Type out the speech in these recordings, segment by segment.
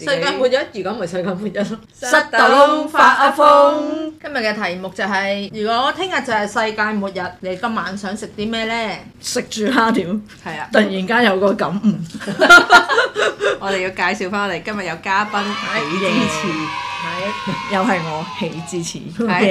世界末日，如果唔係世界末日咯。失到窿，發阿瘋。今日嘅題目就係，如果聽日就係世界末日，你今晚想食啲咩呢？食住蝦條。係啊！突然間有個感悟。我哋要介紹翻，我哋今日有嘉賓李子清。係是 又係我起之詞，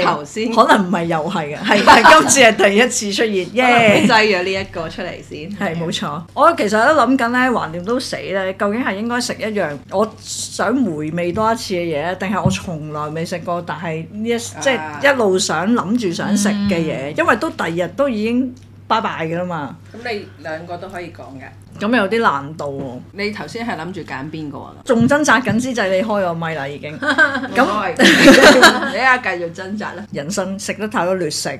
頭先是剛才 可能唔係又係嘅，係但係今次係第一次出現耶，擠咗呢一個出嚟先，係冇錯。我其實都諗緊咧，橫掂都死咧，究竟係應該食一樣我想回味多一次嘅嘢，定係我從來未食過，但係呢一即係、啊、一路想諗住想食嘅嘢，嗯、因為都第二日都已經拜拜噶啦嘛。咁你兩個都可以講嘅。咁有啲難度喎，哦！你頭先係諗住揀邊個啊？仲掙扎緊之際，就是、你開個咪啦已經。咁你啊繼續掙扎啦！人生食得太多劣食，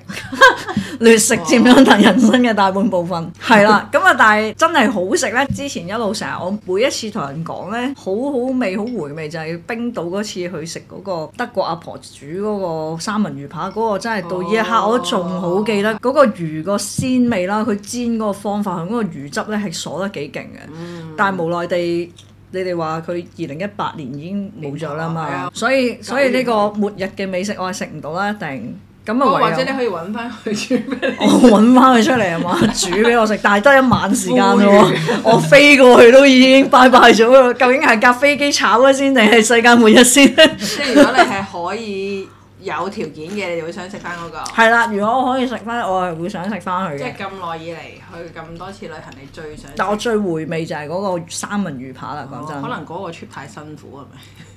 劣食佔咗大人生嘅大半部分。係 啦，咁啊，但係真係好食呢。之前一路成日我每一次同人講呢，好好味、好回味，就係、是、冰島嗰次去食嗰個德國阿婆煮嗰個三文魚扒，嗰、那個真係到呢一刻、哦、我仲好記得嗰個魚個鮮味啦，佢煎嗰個方法，佢嗰個魚汁呢，係鎖得。幾勁嘅，嗯、但係無奈地，你哋話佢二零一八年已經冇咗啦嘛，哦嗯嗯嗯、所以糕所以呢個末日嘅美食我係食唔到啦，一定咁啊、哦、或者你可以搵翻佢煮咩？ 我搵翻佢出嚟啊嘛，煮俾我食，但係得一晚時間咯，魚我飛過去都已經拜拜咗啦，究竟係架飛機炒咗先定係世界末日先？即係如果你係可以。有條件嘅你會想食翻嗰個。係啦，如果我可以食翻，我係會想食翻佢。即係咁耐以嚟去咁多次旅行，你最想食？但我最回味就係嗰個三文魚扒啦，講、哦、真。可能嗰個 trip 太辛苦係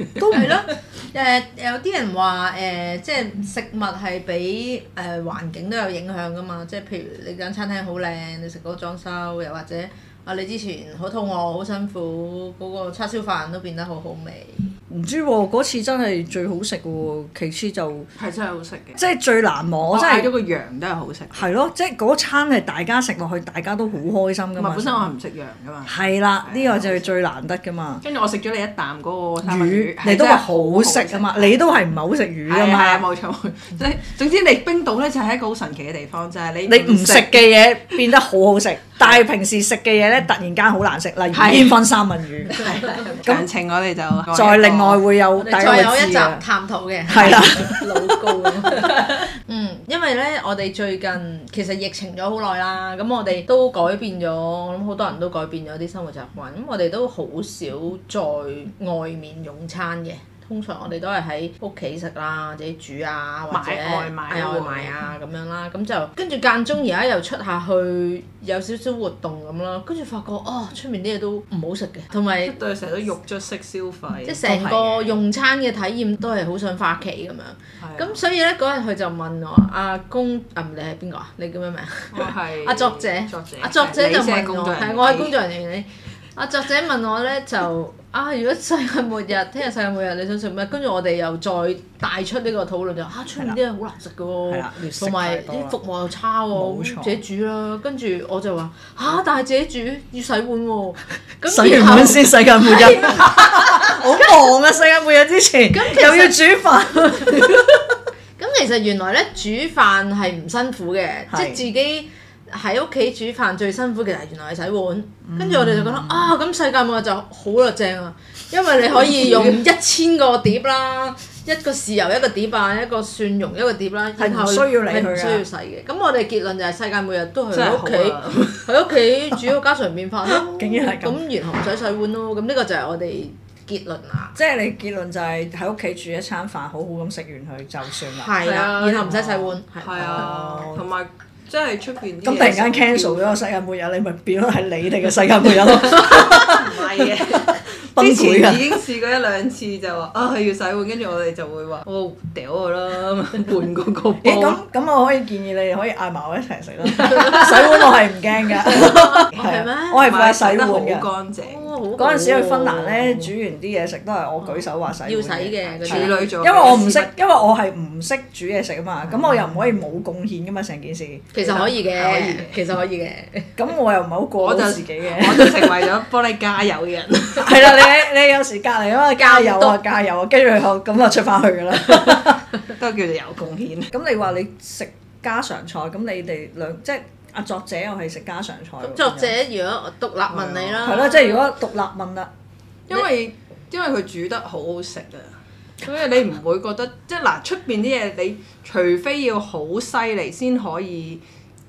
咪？都係咯。誒有啲人話誒、呃，即係食物係比誒、呃、環境都有影響㗎嘛。即係譬如你間餐廳好靚，你食嗰個裝修，又或者啊你之前好肚餓好辛苦，嗰、嗰個叉燒飯都變得好好味。唔知喎，嗰次真係最好食喎，其次就係真係好食嘅，即係最難忘。我真係咗個羊都係好食。係咯，即係嗰餐係大家食落去，大家都好開心㗎嘛。本身我係唔食羊㗎嘛。係啦，呢個就係最難得㗎嘛。跟住我食咗你一啖嗰個魚，你都話好食啊嘛？你都係唔係好食魚㗎嘛？係啊，冇錯。總之你冰島咧就係一個好神奇嘅地方，就係你你唔食嘅嘢變得好好食。但係平時食嘅嘢咧，突然間好難食。例如煙熏三文魚，感情我哋就再另外會有，大家再有一集探討嘅，係啦的， 老高。 嗯，因為咧，我哋最近其實疫情咗好耐啦，咁我哋都改變咗，我諗好多人都改變咗啲生活習慣，咁我哋都好少在外面用餐嘅。通常我哋都係喺屋企食啦，自己煮啊，或者買外賣啊咁樣啦。咁就跟住間中而家又出下去，有少少活動咁囉。跟住發覺哦，出面啲嘢都唔好食嘅，同埋對成日都肉赤式消費，即係成個用餐嘅體驗都係好想翻屋企咁樣。咁所以呢嗰日佢就問我：阿公，啊你係邊個啊？你叫咩名啊？我係阿作者。作者。阿作者就問我：係我係工作人員。阿作者問我呢就。啊！如果世界末日，聽 日世界末日，你想食咩？跟住我哋又再帶出呢個討論就，啊，出面啲嘢好難食㗎喎，同埋啲服務又差喎，自己煮啦。跟住我就話啊，但係自己煮要洗碗喎，咁洗完碗先世界末日。我忙啊！世界末日之前，又要煮飯。咁 其實原來咧煮飯係唔辛苦嘅， 即係自己。喺屋企煮飯最辛苦嘅就係原來係洗碗，跟住我哋就覺得啊，咁世界末日就好啦，正啊！因為你可以用一千個碟啦，一個豉油，一個碟吧，一個蒜蓉，一個碟啦，然後係需要洗嘅。咁我哋結論就係世界末日都喺屋企，喺屋企煮個家常便飯咯。竟然係咁，咁然後唔使洗碗咯。咁呢個就係我哋結論啊！即係你結論就係喺屋企煮一餐飯，好好咁食完佢就算啦。係啊，然後唔使洗碗。係啊，同埋。即係出邊啲咁突然間 cancel 咗個世界末日，話你咪變咗係你哋嘅世界末日咯？唔係嘅，之前已經試過一兩次就話啊佢要洗碗，跟住我哋就會話我屌我啦，半個個波。咁咁、欸，我可以建議你哋可以嗌埋我一齊食啦。 洗碗我係唔驚㗎，係咩？我係會洗碗，好是嗎 乾淨。嗰陣時去芬蘭咧，煮完啲嘢食都係我舉手話洗，要洗嘅，處女座，因為我唔識，因為我係唔識煮嘢食啊嘛，咁我又唔可以冇貢獻噶嘛，成件事。其實可以嘅，其實可以嘅。咁我又唔係好過咗自己嘅，我就成為咗幫你加油嘅人。係啦，你你有時隔離啊嘛，加油啊加油啊，跟住佢咁就出翻去㗎啦，都叫做有貢獻。咁你話你食家常菜，咁你哋兩即係。啊！作者又係食家常菜。作者如果我獨立問你啦，係咯，即係如果獨立問啦，因為你 因為佢煮得好好食啊，所以你唔會覺得即係嗱出面啲嘢，呃、你除非要好犀利先可以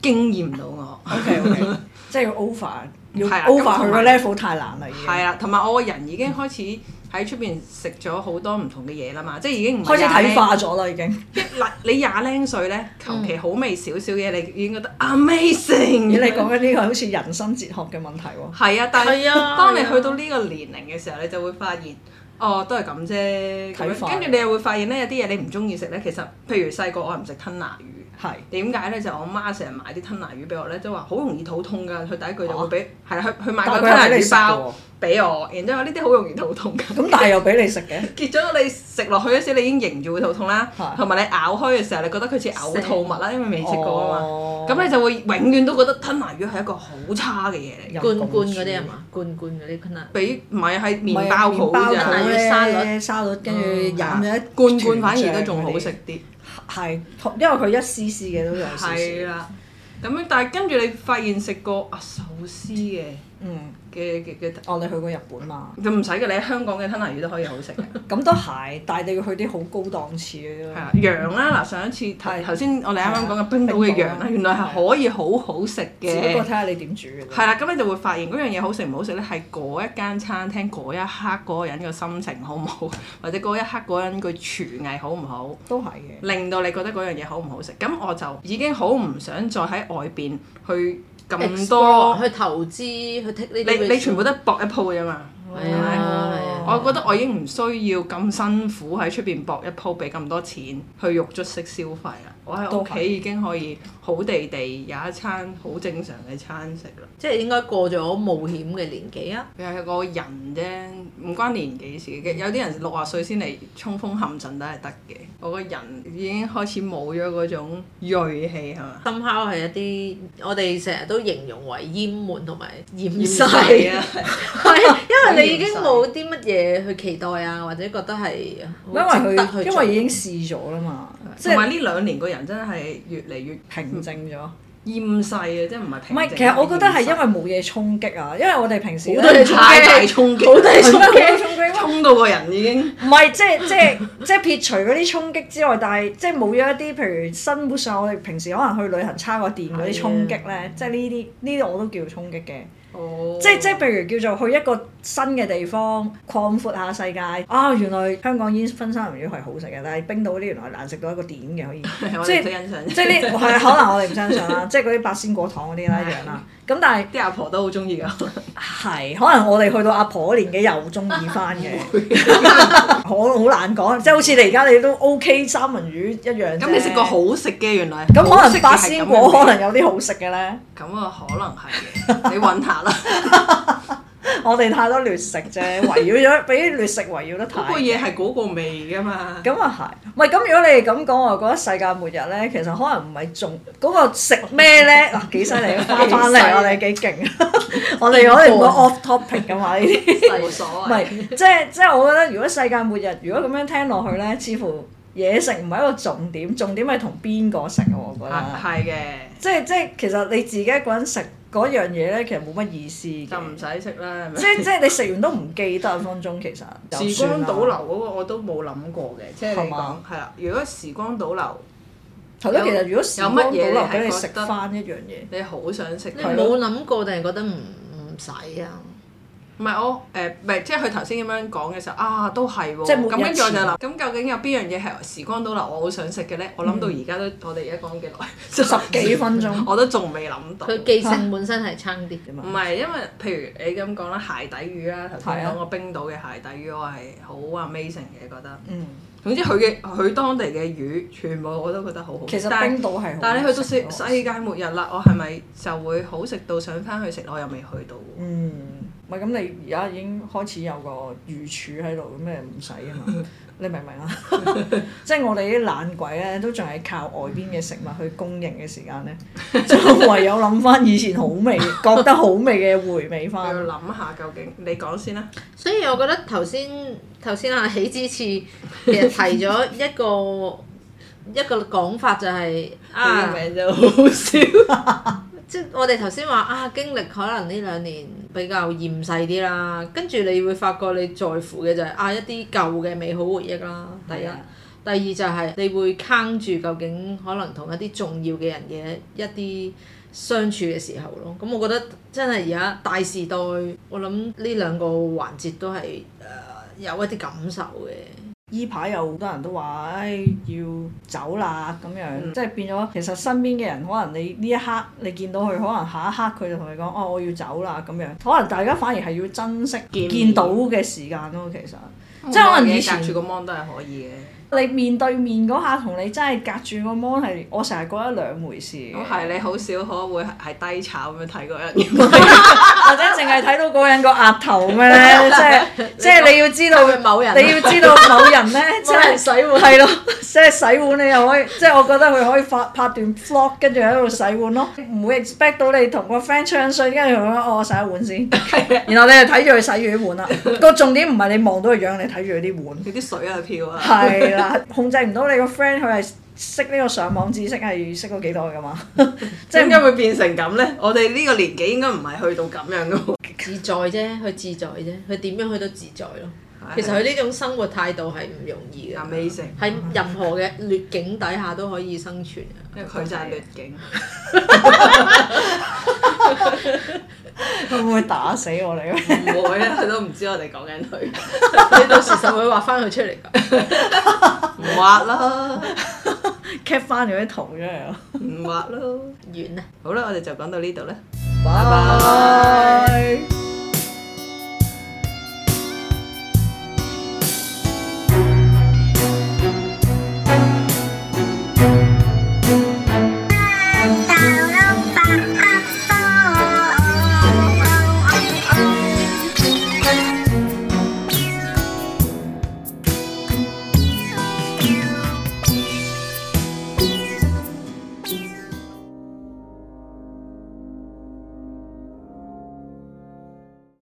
驚豔到我。OK，OK，即係要了 over，要 over 佢個 level 太難啦。已經係啊，同埋我個人已經開始。喺出邊食咗好多唔同嘅嘢啦嘛，即係已經唔開始睇化咗啦，已經，一嗱，你廿零歲咧，求其好味少少嘢，你已經覺得 amazing。嗯、你講緊呢個好似人生哲學嘅問題喎。係啊，但係、啊、當你去到呢個年齡嘅時候，你就會發現哦，都係咁啫。睇化。跟住你又會發現咧，有啲嘢你唔中意食咧，其實譬如細個，我唔食吞拿魚。係點解咧？就我媽成日買啲吞拿魚俾我咧，都話好容易肚痛㗎。佢第一句就會俾係佢佢買個吞拿魚包俾我，然之後呢啲好容易肚痛㗎。咁但係又俾你食嘅？結咗你食落去嗰時，你已經凝住會肚痛啦，同埋你咬開嘅時候，你覺得佢似嘔吐物啦，因為未食過啊嘛。咁你就會永遠都覺得吞拿魚係一個好差嘅嘢嚟。罐罐嗰啲係咪？罐罐嗰啲吞拿，比唔係喺麪包好咋。吞拿魚沙律沙律，跟住飲咗一罐罐反而都仲好食啲。係，因為佢一絲絲嘅都有。係啦，咁樣但係跟住你發現食過啊壽司嘅。嗯嘅嘅嘅，哦，我哋去過日本嘛？就唔使嘅，你喺香港嘅吞拿魚都可以好食。咁都係，但係你要去啲好高檔次嘅。係 啊，羊啦，嗱，上一次睇，頭先我哋啱啱講嘅冰島嘅羊啦，啊、原來係可以好好食嘅。只不過睇下你點煮。係啦、 啊，咁你就會發現嗰樣嘢好食唔好食咧，係嗰一間餐廳嗰一刻嗰個人嘅心情好唔好，或者嗰一刻嗰人嘅廚藝好唔好，都係嘅，令到你覺得嗰樣嘢好唔好食。咁我就已經好唔想再喺外邊去。咁多去投資去剔呢啲，你全部都係搏一鋪啫嘛？係啊，係咪？係啊，我覺得我已經唔需要咁辛苦喺出邊搏一鋪，俾咁多錢去肉足式消費啦。我喺屋企已經可以好地地有一餐好正常嘅餐食啦。即係應該過咗冒險嘅年紀啊！係個人啫，唔關年紀事嘅。有啲人六啊歲先嚟衝鋒陷陣都係得嘅。我個人已經開始冇咗嗰種鋭氣，係咪？深烤係一啲我哋成日都形容為淹悶同埋厭世啊，係 因為你已經冇啲乜嘢去期待啊，或者覺得係因為佢因為已經試咗啦嘛，同埋呢兩年個人真係越嚟越平靜咗。嗯厭世啊！即係唔係平？唔係，其實我覺得係因為冇嘢衝擊啊，因為我哋平時咧太衝擊，冇得 衝擊， 大大衝到個人已經唔係即係即係 即係撇除嗰啲衝擊之外，但係即係冇咗一啲譬如生活上我哋平時可能去旅行叉個電嗰啲衝擊咧，的即係呢啲呢啲我都叫衝擊嘅。Oh. 即即譬如叫做去一個新嘅地方，擴闊下世界啊！原來香港煙熏三文魚係好食嘅，但係冰島啲原來難食到一個點嘅，可以 即係即係呢，係可能我哋唔相信啦，唔欣賞，即係嗰啲八仙果糖嗰啲啦一樣啦。咁但係啲阿婆都好中意㗎，係 可能我哋去到阿婆年紀又中意翻嘅，我好難講，即係好似你而家你都 OK 三文魚一樣。咁你食過好食嘅原來？咁 可能食八仙果可能有啲好食嘅咧。咁 啊，可能係你揾下啦。 我哋太多劣食啫，圍繞咗俾啲劣食圍繞得太。嗰 個嘢係嗰個味㗎嘛。咁啊係，唔係咁如果你哋咁講，我覺得世界末日咧，其實可能唔係仲嗰個食咩咧，嗱幾犀利，翻翻嚟我哋幾勁， 我哋、那個、 我哋冇 off topic 㗎嘛呢啲。冇 些所謂。唔係， 即係即係我覺得如果世界末日，如果咁樣聽落去咧，似乎。嘢食唔係一個重點，重點係同邊個食。我覺得，啊、即係即係其實你自己一個人食嗰樣嘢咧，其實冇乜意思。就唔使食啦，即係即係你食完都唔記得一分鐘，其實。時光倒流嗰個我都冇諗過嘅，即係你講係啦吧。如果時光倒流，有其實如果有乜嘢係覺得食翻一樣嘢？你好想食？你冇諗過定係覺得唔唔使啊？唔係我誒，唔係即係佢頭先咁樣講嘅時候啊，都係喎。咁跟住我就諗，咁究竟有邊樣嘢係時光倒流我好想食嘅咧？我諗到而家都，我哋而家講幾耐，十幾分鐘，我都仲未諗到。佢記性本身係差啲嘅嘛。唔係因為譬如你咁講啦，鞋底魚啦，頭先講個冰島嘅鞋底魚，我係好 amazing 嘅覺得。嗯。總之佢嘅佢當地嘅魚，全部我都覺得好好食。其實冰島係好好。但係你去到世界末日啦，我係咪就會好食到想翻去食？我又未去到。嗯。咁，你而家已經開始有個魚柱喺度，咁咩唔使啊嘛？你明唔明啊？ 即係我哋啲懶鬼咧，都仲係靠外邊嘅食物去供應嘅時間咧，就唯有諗翻以前好味、 覺得好味嘅回味翻。要諗 下究竟，你講先啦。所以我覺得頭先頭先阿喜之次其實提咗一個 一個講法就係、是、 啊。明明就好少。即我哋頭先話啊，經歷可能呢兩年比較厭世啲啦，跟住你會發覺你在乎嘅就係、是、啊一啲舊嘅美好回憶啦，的第一，第二就係你會坑住究竟可能同一啲重要嘅人嘅一啲相處嘅時候咯。咁、嗯、我覺得真係而家大時代，我諗呢兩個環節都係誒、呃、有一啲感受嘅。依排有好多人都話，誒，要走啦咁樣，嗯、即係變咗。其實身邊嘅人，可能你呢一刻你見到佢，嗯、可能下一刻佢就同你講，哦，我要走啦咁樣。可能大家反而係要珍惜見到嘅時間咯，其實。面即係可能以前你隔住個 mon 都係可以嘅。你面對面嗰下同你真係隔住個 mon 係，我成日覺得兩回事。係你好少可會係低炒咁樣睇嗰人。 淨係睇到嗰個人個額頭咩？就是、說即係即係你要知道某人，你要知道某人咧，即係洗碗係咯，即、就、係、是、洗碗你又可以，即、就、係、是、我覺得佢可以發拍，拍段 vlog，跟住喺度洗碗咯，唔會 expect 到你同個 friend 暢信，跟住佢話我洗一碗先。 然後你就睇住佢洗嗰啲碗啦。個 重點唔係你望到個樣，你睇住佢啲碗，佢啲水啊票啊。係啦，控制唔到你個 friend，佢係。識呢個上網知識係識咗幾多㗎嘛？ 即係點解會變成咁咧？我哋呢個年紀應該唔係去到咁樣噶喎。自在啫，佢自在啫，佢點樣去都自在咯。其實佢呢種生活態度係唔容易嘅。喺 任何嘅劣境底下都可以生存。因為佢就係劣境。佢會唔會打死我哋？唔會啊！佢都唔知我哋講緊佢。 你到時實會畫翻佢出嚟？唔 畫啦。cap 翻咗啲圖出嚟咯，唔畫咯， 完啦。好啦，我哋就講到呢度啦，拜拜。